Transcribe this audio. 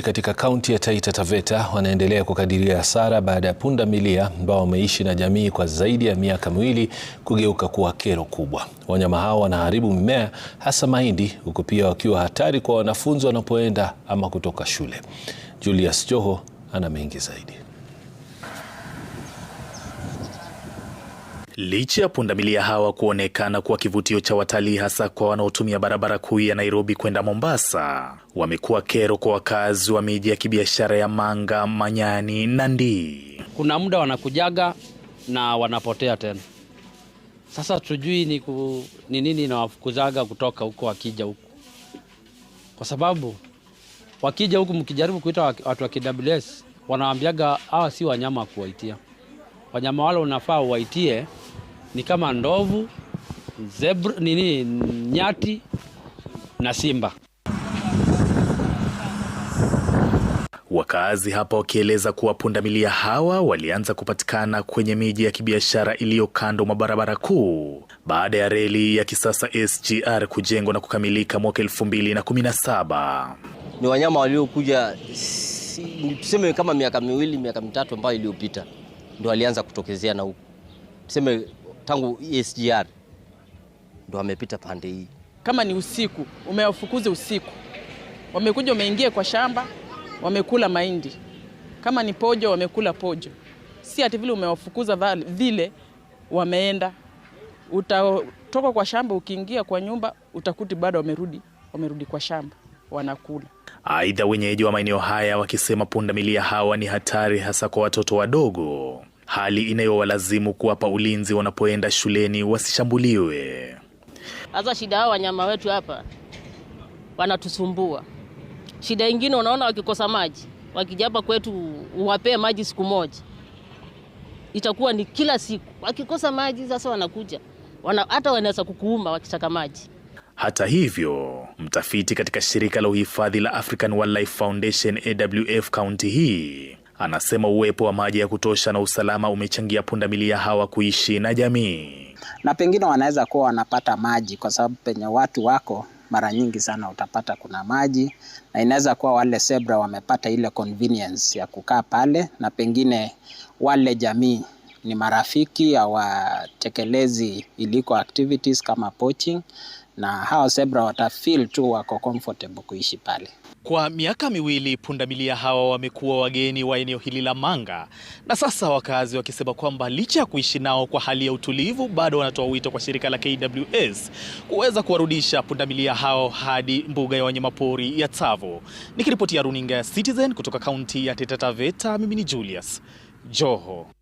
Katika kaunti ya Taita Taveta wanaendelea kukadiria hasara baada ya punda milia ambao wameishi na jamii kwa zaidi ya miaka miwili kugeuka kuwa kero kubwa. Wanyama hao wanaharibu mimea hasa mahindi, huku pia wakiwa hatari kwa wanafunzi wanapoenda ama kutoka shule. Julius Joho ana mengi zaidi. Licha ya pundamilia hawa kuonekana kuwa kivutio cha watalii, hasa kwa wanaotumia barabara kuu ya Nairobi kwenda Mombasa, wamekuwa kero kwa wakazi wa miji ya kibiashara ya Manga, Manyani na Ndii. Kuna muda wanakujaga na wanapotea tena. Sasa tujui ni, ku, ni nini inawafukuzaga kutoka huko wakija huku, kwa sababu wakija huku mkijaribu kuita watu wa KWS wanawambiaga hawa si wanyama wa kuwaitia. Wanyama wale unafaa uwaitie ni kama ndovu, zebra, nini, nyati na simba. Wakaazi hapa wakieleza kuwa pundamilia hawa walianza kupatikana kwenye miji ya kibiashara iliyo kando mwa barabara kuu baada ya reli ya kisasa SGR kujengwa na kukamilika mwaka elfu saba. Ni wanyama waliokuja si, tuseme kama miaka miwili miaka mitatu ambayo iliyopita ndo walianza kutokezea na huku tuseme tangu e SGR ndo amepita pande hii. Kama ni usiku, umewafukuze usiku, wamekuja wameingia kwa shamba, wamekula mahindi. Kama ni pojo, wamekula pojo, si ati vile umewafukuza vile wameenda. Utatoka kwa shamba, ukiingia kwa nyumba utakuti bado wamerudi, wamerudi kwa shamba wanakula. Aidha, wenyeji wa maeneo haya wakisema milia hawa ni hatari hasa kwa watoto wadogo hali inayowalazimu kuwapa ulinzi wanapoenda shuleni wasishambuliwe. Hasa shida hao wanyama wetu hapa wanatusumbua. Shida ingine unaona, wakikosa maji, wakija hapa kwetu uwapee maji siku moja, itakuwa ni kila siku. Wakikosa maji sasa wanakuja wana, hata wanaweza kukuuma wakitaka maji. Hata hivyo, mtafiti katika shirika la uhifadhi la African Wildlife Foundation AWF kaunti hii Anasema uwepo wa maji ya kutosha na usalama umechangia pundamilia hawa kuishi na jamii, na pengine wanaweza kuwa wanapata maji kwa sababu penye watu wako mara nyingi sana utapata kuna maji, na inaweza kuwa wale sebra wamepata ile convenience ya kukaa pale, na pengine wale jamii ni marafiki, hawatekelezi iliko activities kama poaching na hawa zebra watafeel tu wako comfortable kuishi pale. Kwa miaka miwili pundamilia hawa wamekuwa wageni wa eneo hili la Manga, na sasa wakazi wakisema kwamba licha ya kuishi nao kwa hali ya utulivu, bado wanatoa wito kwa shirika la KWS kuweza kuwarudisha pundamilia hao hadi mbuga ya wanyamapori ya Tsavo. ya runinga ya Citizen kutoka kaunti ya Taita Taveta, mimi ni Julius Joho.